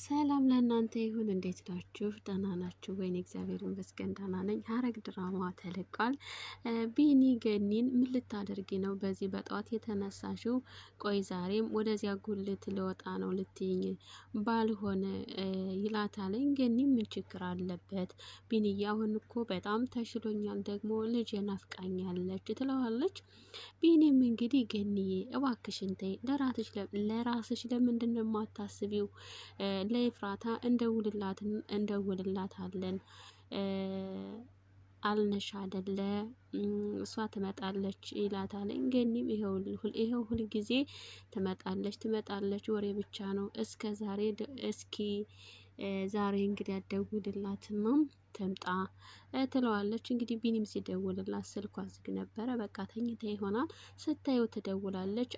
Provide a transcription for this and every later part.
ሰላም ለእናንተ ይሁን። እንዴት ናችሁ? ደህና ናችሁ? ወይን? እግዚአብሔር ይመስገን ደህና ነኝ። ሐረግ ድራማ ተለቋል። ቢኒ ገኒን ምን ልታደርጊ ነው በዚህ በጠዋት የተነሳሽው? ቆይ ዛሬም ወደዚያ ጉልት ልወጣ ነው ልትይኝ ባልሆነ ይላታለኝ። ገኒ ምን ችግር አለበት ቢንዬ፣ አሁን እኮ በጣም ተሽሎኛል፣ ደግሞ ልጅ ናፍቃኛለች ትለዋለች። ቢኒም እንግዲህ ገኒዬ፣ እባክሽን ተይ፣ ለራስሽ ለምንድን ነው የማታስቢው ለኤፍራታ እንደውልላታለን አልነሽ አደለ እሷ ትመጣለች ይላታል። እንገኒም ይኸው ሁል ጊዜ ትመጣለች ትመጣለች ወሬ ብቻ ነው እስከ ዛሬ እስኪ ዛሬ እንግዲህ አደውልላትም ትምጣ ትለዋለች። እንግዲህ ቢኒም ሲደውልላት ስልኳ ዝግ ነበረ። በቃ ተኝታ ይሆናል ስታየው ትደውላለች።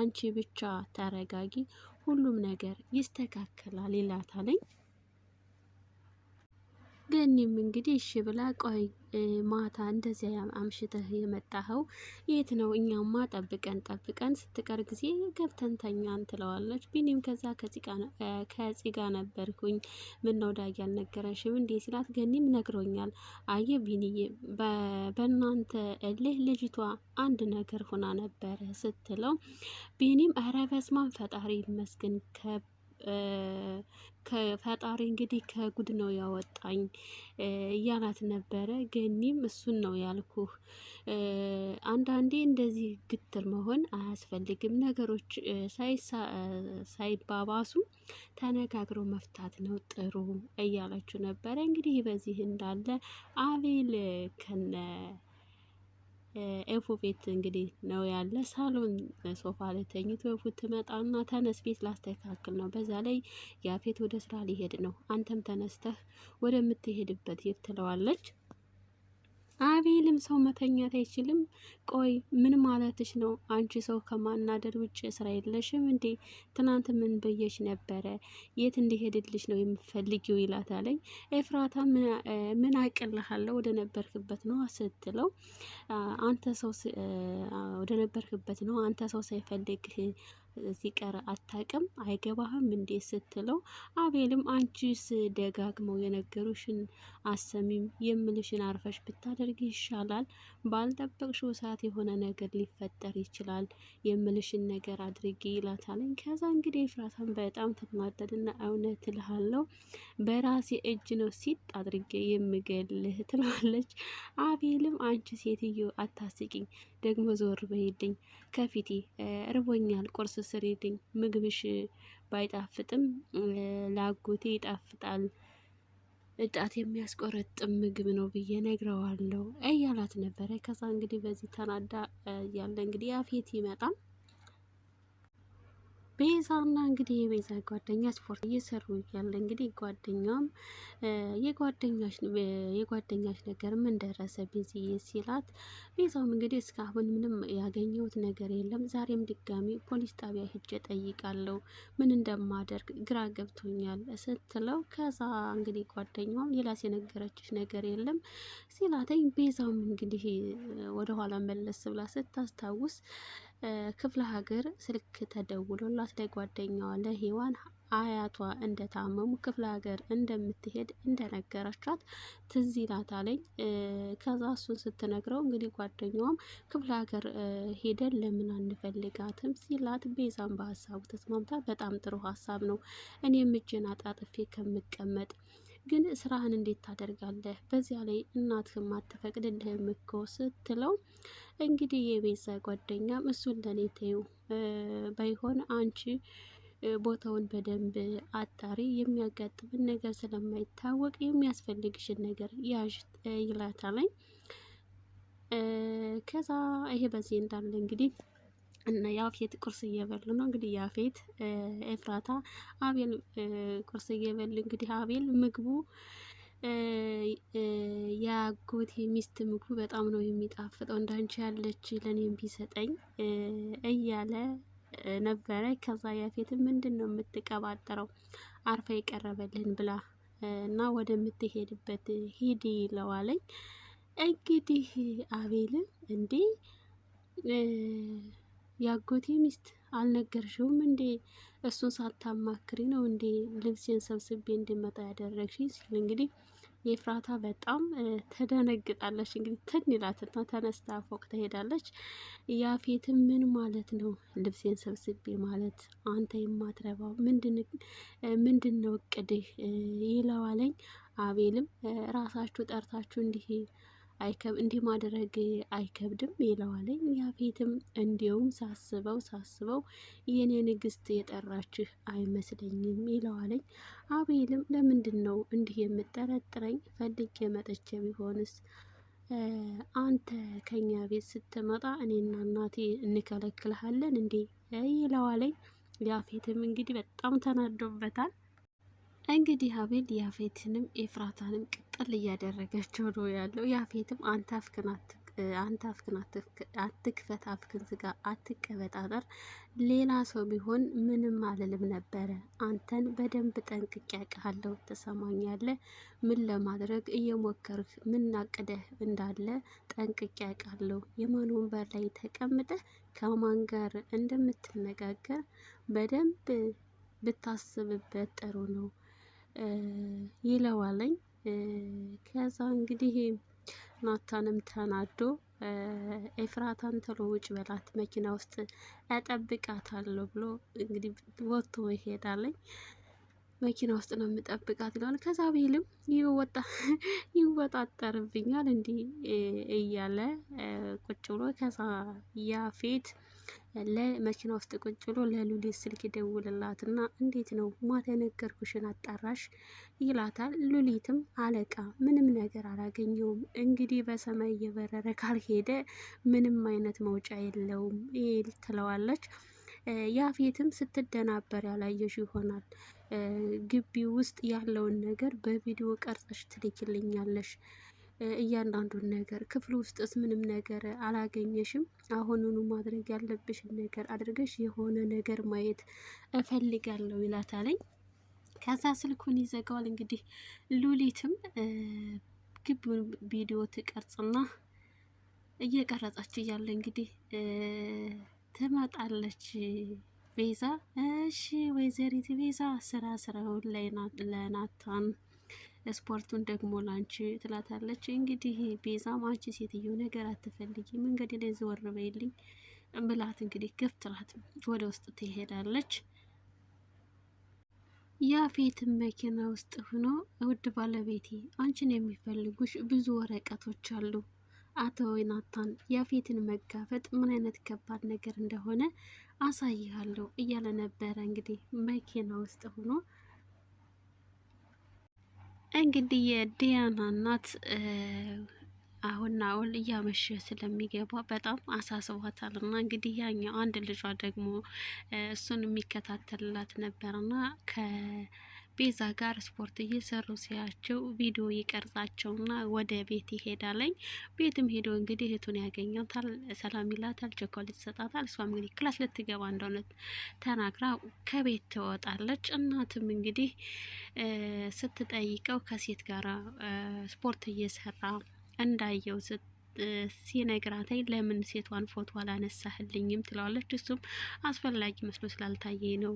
አንቺ ብቻ ተረጋጊ ሁሉም ነገር ይስተካከላል ይላታለኝ። ገኒም እንግዲህ እሺ ብላ ቆይ ማታ እንደዚያ አምሽተህ የመጣኸው የት ነው? እኛማ ጠብቀን ጠብቀን ስትቀር ጊዜ ገብተን ተኛን ትለዋለች። ቢኒም ከዛ ከጽጋ ነበርኩኝ ምን ነው ዳጊ አልነገረሽም እንዴ ሲላት ገኒም ነግሮኛል። አየ ቢኒዬ በእናንተ እልህ ልጅቷ አንድ ነገር ሆና ነበረ ስትለው ቢኒም ኧረ በስመ አብ ፈጣሪ ይመስገን ከብ ከፈጣሪ እንግዲህ ከጉድ ነው ያወጣኝ እያላት ነበረ። ገኒም እሱን ነው ያልኩህ። አንዳንዴ እንደዚህ ግትር መሆን አያስፈልግም። ነገሮች ሳይባባሱ ተነጋግረው መፍታት ነው ጥሩ እያላችሁ ነበረ። እንግዲህ በዚህ እንዳለ አቤል ከነ ኤፉ ቤት እንግዲህ ነው ያለ። ሳሎን ሶፋ ላይ ተኝቶ ኤፉ ትመጣና ተነስ ቤት ላስተካክል ነው፣ በዛ ላይ ያፌት ወደ ስራ ሊሄድ ነው፣ አንተም ተነስተህ ወደምትሄድበት የት ትለዋለች። አቤልም ሰው መተኛት አይችልም። ቆይ ምን ማለትሽ ነው? አንቺ ሰው ከማናደር ውጭ ስራ የለሽም እንዴ? ትናንት ምን ብዬሽ ነበረ? የት እንዲሄድልሽ ነው የምፈልጊው? ይላታለኝ። ኤፍራታ ምን አቅልሃለሁ ወደ ነበርክበት ነው ስትለው፣ አንተ ሰው ወደ ነበርክበት ነው አንተ ሰው ሳይፈልግህ ሲቀር አታቅም አይገባህም እንዴ ስትለው አቤልም አንቺስ ደጋግመው የነገሩሽን አሰሚም የምልሽን አርፈሽ ብታደርግ ይሻላል። ባልጠበቅሽው ሰዓት የሆነ ነገር ሊፈጠር ይችላል። የምልሽን ነገር አድርጊ ይላታለኝ። ከዛ እንግዲህ ኤፍራታን በጣም ትናደድና እውነት እልሃለሁ በራሴ እጅ ነው ሲጥ አድርጌ የምገልህ ትለዋለች። አቤልም አንቺ ሴትዮ አታስቂኝ፣ ደግሞ ዞር በይልኝ ከፊቴ ርቦኛል ቁርስ ስሪልኝ፣ ምግብሽ ባይጣፍጥም ላጎቴ ይጣፍጣል፣ እጣት የሚያስቆረጥም ምግብ ነው ብዬ ነግረዋለሁ እያላት ነበረ። ከዛ እንግዲህ በዚህ ተናዳ ያለ እንግዲህ አፌት ይመጣል። ቤዛና እንግዲህ የቤዛ ጓደኛ ስፖርት እየሰሩ እያለ እንግዲህ ጓደኛም የጓደኛሽ ነገር ምን ደረሰ ቤዝዬ ሲላት፣ ቤዛውም እንግዲህ እስካሁን ምንም ያገኘሁት ነገር የለም፣ ዛሬም ድጋሚ ፖሊስ ጣቢያ ሄጄ ጠይቃለሁ፣ ምን እንደማደርግ ግራ ገብቶኛል ስትለው፣ ከዛ እንግዲህ ጓደኛውም ሌላስ የነገረችሽ ነገር የለም ሲላተኝ፣ ቤዛውም እንግዲህ ወደኋላ መለስ ብላ ስታስታውስ ክፍለ ሀገር ስልክ ተደውሎላት ለጓደኛዋ ለሔዋን አያቷ እንደታመሙ ክፍለ ሀገር እንደምትሄድ እንደነገረቻት ትዝ ይላታለኝ። ከዛ እሱን ስትነግረው እንግዲህ ጓደኛዋም ክፍለ ሀገር ሄደን ለምን አንፈልጋትም ሲላት ቤዛም በሀሳቡ ተስማምታ በጣም ጥሩ ሀሳብ ነው እኔም እጄን አጣጥፌ ከምቀመጥ ግን ስራህን እንዴት ታደርጋለህ? በዚያ ላይ እናትህም አትፈቅድልህም እኮ ስትለው እንግዲህ የቤዛ ጓደኛ እሱን ለኔ ተይው ባይሆን አንቺ ቦታውን በደንብ አጣሪ፣ የሚያጋጥምን ነገር ስለማይታወቅ የሚያስፈልግሽን ነገር ያዥ ይላታለኝ። ከዛ ይሄ በዚህ እንዳለ እንግዲህ እና ያፌት ቁርስ እየበሉ ነው እንግዲህ ያፌት ኤፍራታ አቤል ቁርስ እየበሉ እንግዲህ አቤል ምግቡ የአጎቴ ሚስት ምግቡ በጣም ነው የሚጣፍጠው እንዳንቺ ያለች ለእኔም ቢሰጠኝ እያለ ነበረ። ከዛ ያፌት ምንድን ነው የምትቀባጠረው አርፋ የቀረበልህን ብላ እና ወደምትሄድበት ሂድ ይለዋለኝ። እንግዲህ አቤልም እንዴ የአጎቴ ሚስት አልነገርሽውም እንዴ? እሱን ሳታማክሪ ነው እንዴ ልብሴን ሰብስቤ እንድመጣ ያደረግሽኝ? ሲል እንግዲህ የፍራታ በጣም ተደነግጣለች። እንግዲህ ትን ተነስታ ፎቅ ትሄዳለች። ያፌት ምን ማለት ነው ልብሴን ሰብስቤ ማለት አንተ የማትረባው ምንድን ነው እቅድህ? ይለዋለኝ። አቤልም ራሳችሁ ጠርታችሁ እንዲህ አይከብ እንዲህ ማድረግ አይከብድም ይለዋለኝ። ያፌትም እንዲያውም ሳስበው ሳስበው የኔ ንግስት የጠራችህ አይመስለኝም ይለዋለኝ። አቤልም ለምንድን ነው እንዲህ የምጠረጥረኝ? ፈልጌ መጥቼ ቢሆንስ አንተ ከኛ ቤት ስትመጣ እኔና እናቴ እንከለክልሃለን እንዴ? ይለዋለኝ። ያፌትም እንግዲህ በጣም ተናዶበታል። እንግዲህ አቤል ያፌትንም ኤፍራታንም ቅጥል እያደረገችው ነው ያለው። ያፌትም አንተ አፍክን አንተ አፍክን አትክፈት፣ አፍክን ስጋ አትቀበጣጠር። ሌላ ሰው ቢሆን ምንም አልልም ነበረ። አንተን በደንብ ጠንቅቄ አውቃለሁ። ትሰማኛለህ? ምን ለማድረግ እየሞከርህ ምን አቅደህ እንዳለ ጠንቅቄ አውቃለሁ። የማን ወንበር ላይ ተቀምጠህ ከማን ጋር እንደምትነጋገር በደንብ ብታስብበት ጥሩ ነው። ይለዋለኝ። ከዛ እንግዲህ ናታንም ተናዶ ኤፍራታን ተሎ ውጭ በላት መኪና ውስጥ እጠብቃታለሁ ብሎ እንግዲህ ወጥቶ ይሄዳለኝ። መኪና ውስጥ ነው የምጠብቃት ይለዋል። ከዛ ብሄልም ይወጣጠርብኛል እንዲህ እያለ ቁጭ ብሎ ከዛ ያፌት ለመኪና ውስጥ ቁጭ ብሎ ለሉሊት ስልክ ይደውልላትና እንዴት ነው ማታ የነገርኩሽን አጣራሽ ይላታል። ሉሊትም አለቃ ምንም ነገር አላገኘውም፣ እንግዲህ በሰማይ እየበረረ ካልሄደ ምንም አይነት መውጫ የለውም ይል ትለዋለች። ያፌትም ስትደናበር ያላየሽ ይሆናል ግቢ ውስጥ ያለውን ነገር በቪዲዮ ቀርጸሽ ትልኪልኛለሽ እያንዳንዱን ነገር ክፍል ውስጥስ ምንም ነገር አላገኘሽም። አሁኑኑ ማድረግ ያለብሽን ነገር አድርገሽ የሆነ ነገር ማየት እፈልጋለሁ ይላታለኝ። ከዛ ስልኩን ይዘጋዋል። እንግዲህ ሉሊትም ግቢውን ቪዲዮ ትቀርጽና እየቀረጻች እያለ እንግዲህ ትመጣለች ቤዛ። እሺ ወይዘሪት ቤዛ ስራ ስራውን ለናታን ስፖርቱን ደግሞ ላንቺ ትላታለች። እንግዲህ ቤዛ ማንቺ ሴትዮ ነገር አትፈልጊ መንገድ ላይ ዘወር በይልኝ ብላት እንግዲህ ገፍ ትላት ወደ ውስጥ ትሄዳለች። ያፌትን መኪና ውስጥ ሆኖ ውድ ባለቤቴ አንቺን የሚፈልጉሽ ብዙ ወረቀቶች አሉ። አቶ ናታን ያፌትን መጋፈጥ ምን አይነት ከባድ ነገር እንደሆነ አሳይሃለሁ እያለ ነበረ እንግዲህ መኪና ውስጥ ሆኖ እንግዲህ የዲያና እናት አሁን አሁን እያመሸ ስለሚገባ በጣም አሳስቧታል እና እንግዲህ ያኛው አንድ ልጇ ደግሞ እሱን የሚከታተልላት ነበርና ከ ቤዛ ጋር ስፖርት እየሰሩ ሲያቸው ቪዲዮ ይቀርጻቸውና ወደ ቤት ይሄዳለኝ። ቤትም ሄዶ እንግዲህ እህቱን ያገኛታል። ሰላም ይላታል፣ ቸኮሌት ይሰጣታል። እሷም እንግዲህ ክላስ ልትገባ እንደሆነ ተናግራ ከቤት ትወጣለች። እናትም እንግዲህ ስትጠይቀው ከሴት ጋር ስፖርት እየሰራ እንዳየው ስት ሲነግራተኝ ለምን ሴቷን ፎቶ አላነሳህልኝም ትለዋለች። እሱም አስፈላጊ መስሎ ስላልታየኝ ነው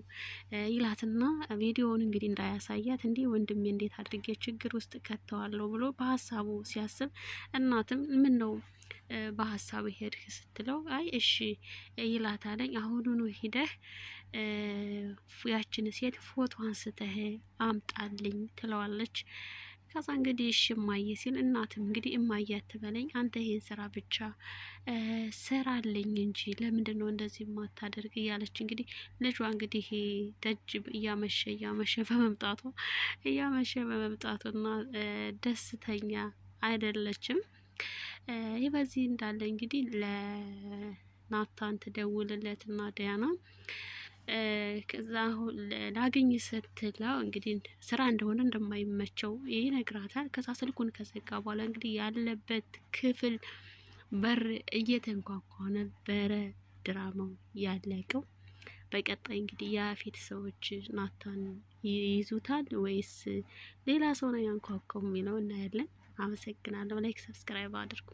ይላትና ቪዲዮውን እንግዲህ እንዳያሳያት እንዲህ ወንድሜ እንዴት አድርጌ ችግር ውስጥ ከተዋለሁ ብሎ በሀሳቡ ሲያስብ እናትም ምን ነው በሀሳቡ ሄድህ ስትለው አይ እሺ ይላታለኝ። አሁኑኑ ሂደህ ያችን ሴት ፎቶ አንስተህ አምጣልኝ ትለዋለች። ከዛ እንግዲህ እሺ እማዬ ሲል እናትም እንግዲህ እማዬ አትበለኝ አንተ ይህን ስራ ብቻ ስራልኝ እንጂ ለምንድን ነው እንደዚህ የማታደርግ እያለች እንግዲህ ልጇ እንግዲህ ደጅ እያመሸ እያመሸ በመምጣቱ እያመሸ በመምጣቱና ደስተኛ አይደለችም። ይህ በዚህ እንዳለ እንግዲህ ለናታን እና ዲያና ከዛ ላገኝ ስትለው እንግዲህ ስራ እንደሆነ እንደማይመቸው ይነግራታል። ከዛ ስልኩን ከዘጋ በኋላ እንግዲህ ያለበት ክፍል በር እየተንኳኳ ነበረ። ድራማው ያለቀው። በቀጣይ እንግዲህ የአፌት ሰዎች ናታን ይይዙታል ወይስ ሌላ ሰው ነው ያንኳኳው የሚለው እናያለን። አመሰግናለሁ። ላይክ ሰብስክራይብ አድርጉ።